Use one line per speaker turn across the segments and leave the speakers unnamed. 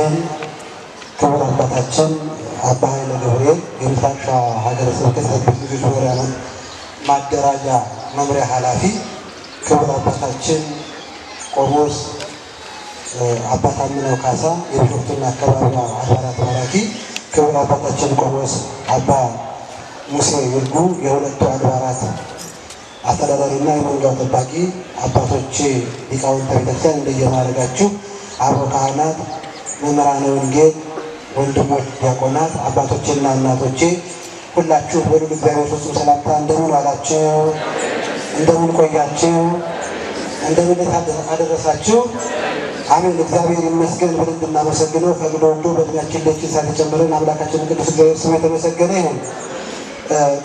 አሜን። ክቡር አባታችን አባ ኃይለ ገብርኤል የምስራቅ ሸዋ ሀገረ ስብከት ቅዱስ ልጆች ወርያ ማደራጃ መምሪያ ኃላፊ፣ ክቡር አባታችን ቆሞስ አባ ታምነው ካሳ የቢሾፍቱና አካባቢዋ አድባራት ማራኪ፣ ክቡር አባታችን ቆሞስ አባ ሙሴ ይርጉ የሁለቱ አድባራት አስተዳዳሪና የመንጋው ጠባቂ አባቶች ሊቃውንተ ቤተክርስቲያን እንደየማድረጋችሁ አብሮ ካህናት መምህራነ ወንጌል፣ ወንድሞች ዲያቆናት፣ አባቶችና እናቶቼ ሁላችሁ ወደ እግዚአብሔር ፍጹም ሰላምታ እንደምን ዋላችሁ? እንደምን ቆያችሁ? እንደምን አደረሳችሁ? አሜን። እግዚአብሔር ይመስገን ብለን እንድናመሰግነው ፈቅዶ ወዶ በእድሜያችን ለእጅ ሳት የጨመረን አምላካችን ቅዱስ እግዚአብሔር ስም የተመሰገነ ይሁን።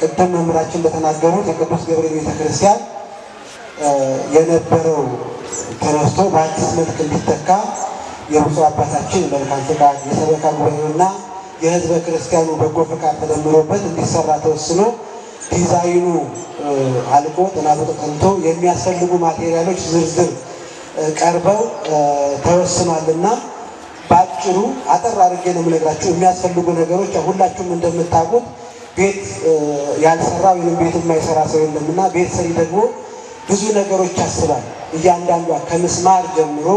ቅድም መምህራችን እንደተናገሩት የቅዱስ ገብርኤል ቤተክርስቲያን የነበረው ተነስቶ በአዲስ መልክ እንዲተካ የብፁዕ አባታችን መልካም ፍቃድ የሰበካ ጉባኤውና የህዝበ ክርስቲያኑ በጎ ፍቃድ ተደምሮበት እንዲሰራ ተወስኖ ዲዛይኑ አልቆ ጥናቱ ተጠንቶ የሚያስፈልጉ ማቴሪያሎች ዝርዝር ቀርበው ተወስኗልና በአጭሩ አጠር አድርጌ ነው የምነግራችሁ። የሚያስፈልጉ ነገሮች ሁላችሁም እንደምታውቁት ቤት ያልሰራ ወይም ቤት የማይሰራ ሰው የለምና ቤት ሰሪ ደግሞ ብዙ ነገሮች ያስባል። እያንዳንዷ ከመስማር ጀምሮ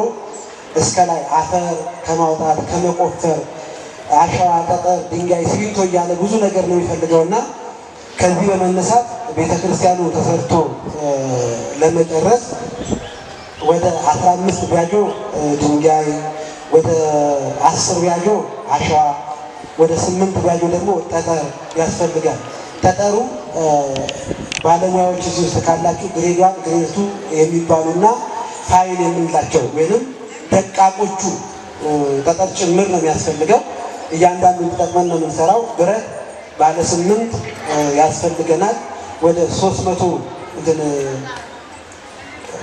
እስከ ላይ አፈር ከማውጣት ከመቆፈር አሸዋ፣ ጠጠር፣ ድንጋይ፣ ሲሚንቶ እያለ ብዙ ነገር ነው የሚፈልገው እና ከዚህ በመነሳት ቤተ ክርስቲያኑ ተሰርቶ ለመጨረስ ወደ አስራ አምስት ቢያጆ ድንጋይ፣ ወደ አስር ቢያጆ አሸዋ፣ ወደ ስምንት ቢያጆ ደግሞ ጠጠር ያስፈልጋል። ጠጠሩ ባለሙያዎች እዚህ ውስጥ ካላችሁ ግሬዷ ግሬቱ የሚባሉና ፋይል የምንላቸው ወይንም ደቃቆቹ ጠጠር ጭምር ነው የሚያስፈልገው። እያንዳንዱ ተጠቅመን ነው የምንሰራው። ብረት ባለ ስምንት ያስፈልገናል። ወደ ሶስት መቶ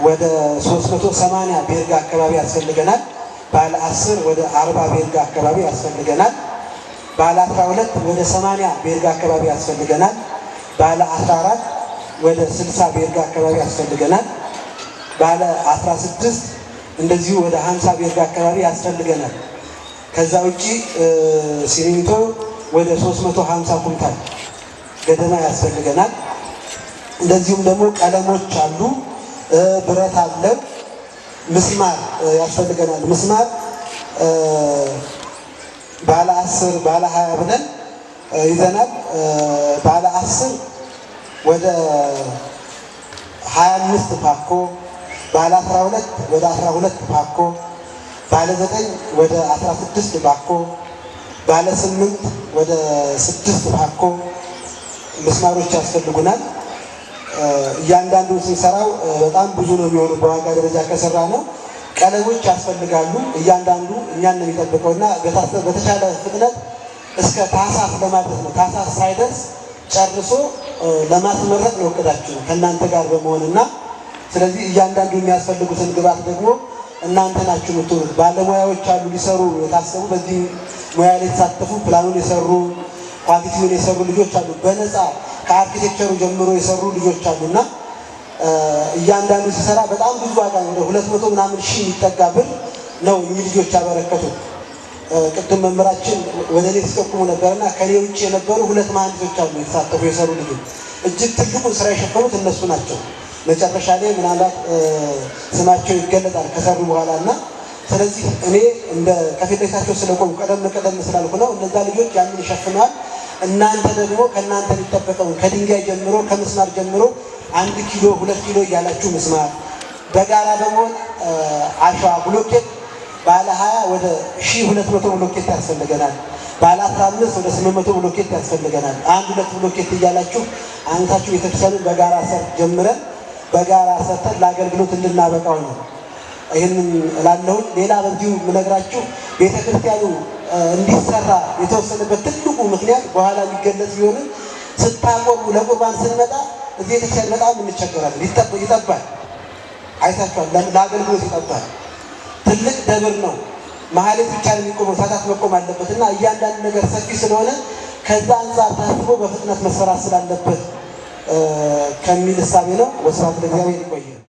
ወደ ሶስት መቶ ሰማንያ ቤርጋ አካባቢ ያስፈልገናል። ባለ አስር ወደ አርባ ቤርጋ አካባቢ ያስፈልገናል። ባለ አስራ ሁለት ወደ ሰማንያ ቤርጋ አካባቢ ያስፈልገናል። ባለ አስራ አራት ወደ ስልሳ ቤርጋ አካባቢ ያስፈልገናል። ባለ አስራ ስድስት እንደዚሁ ወደ ሀምሳ ቤርግ አካባቢ ያስፈልገናል። ከዛ ውጭ ሲሚንቶ ወደ ሶስት መቶ ሀምሳ ኩንታል ገደማ ያስፈልገናል። እንደዚሁም ደግሞ ቀለሞች አሉ፣ ብረት አለ፣ ምስማር ያስፈልገናል። ምስማር ባለ አስር ባለ ሀያ ብለን ይዘናል። ባለ አስር ወደ ሀያ አምስት ፓኮ ባለ አስራ ሁለት ወደ አስራ ሁለት ባኮ፣ ባለ ዘጠኝ ወደ አስራ ፓኮ ባለ ስምንት ወደ ስድስት ፓኮ ምስማሮች ያስፈልጉናል። እያንዳንዱ ሲሰራው በጣም ብዙ ነው የሚሆኑ በዋጋ ደረጃ ከሰራ ነው። ቀለሞች ያስፈልጋሉ። እያንዳንዱ እኛን ነው የሚጠብቀው እና በተቻለ ፍጥነት እስከ ታህሳስ ለማድረስ ነው። ታህሳስ ሳይደርስ ጨርሶ ለማስመረቅ ነው እቅዳችሁ ከእናንተ ጋር በመሆንና ስለዚህ እያንዳንዱ የሚያስፈልጉትን ግብዓት ደግሞ እናንተ ናችሁ የምትሆኑት። ባለሙያዎች አሉ ሊሰሩ የታሰቡ በዚህ ሙያ ላይ የተሳተፉ ፕላኑን የሰሩ ኳንቲቲውን የሰሩ ልጆች አሉ። በነፃ ከአርኪቴክቸሩ ጀምሮ የሰሩ ልጆች አሉ እና እያንዳንዱ ሲሰራ በጣም ብዙ ዋጋ ወደ ሁለት መቶ ምናምን ሺህ የሚጠጋ ብር ነው እኚህ ልጆች ያበረከቱ። ቅድም መምህራችን ወደ እኔ ሲጠቁሙ ነበር ነበርና ከኔ ውጭ የነበሩ ሁለት መሀንዲሶች አሉ የተሳተፉ የሰሩ ልጆች። እጅግ ትልቁን ስራ የሸፈኑት እነሱ ናቸው። መጨረሻ ላይ ምናልባት ስማቸው ይገለጣል ከሰሩ በኋላ እና ስለዚህ እኔ እንደ ከፊት ለፊታቸው ስለቆሙ ቀደም ቀደም ስላልኩ ነው። እነዛ ልጆች ያንን ይሸፍነዋል። እናንተ ደግሞ ከእናንተ የሚጠበቀውን ከድንጋይ ጀምሮ ከምስማር ጀምሮ አንድ ኪሎ ሁለት ኪሎ እያላችሁ ምስማር በጋራ በመሆን አሸዋ ብሎኬት ባለ ሀያ ወደ ሺ ሁለት መቶ ብሎኬት ያስፈልገናል። ባለ አስራ አምስት ወደ ስምንት መቶ ብሎኬት ያስፈልገናል። አንድ ሁለት ብሎኬት እያላችሁ አንታችሁ ቤተክርስቲያኑን በጋራ ሰር ጀምረን በጋራ ሰጥተን ለአገልግሎት እንድናበቃው ነው። ይህንን ላለውን ሌላ በዚሁ የምነግራችሁ ቤተ ክርስቲያኑ እንዲሰራ የተወሰነበት ትልቁ ምክንያት በኋላ የሚገለጽ ቢሆንም ስታቆሙ ለቁርባን ስንመጣ እዚህ ቤተክርስቲያን በጣም እንቸገራለን። ይጠባል፣ አይታችኋል። ለአገልግሎት ይጠባል። ትልቅ ደብር ነው። መሀሌት ብቻ የሚቆመው ሰዓታት መቆም አለበት እና እያንዳንድ ነገር ሰፊ ስለሆነ ከዛ አንጻር ታስቦ በፍጥነት መሰራት ስላለበት ከሚል እሳቤ ነው። ወስብሐት ለእግዚአብሔር። ይቆያል።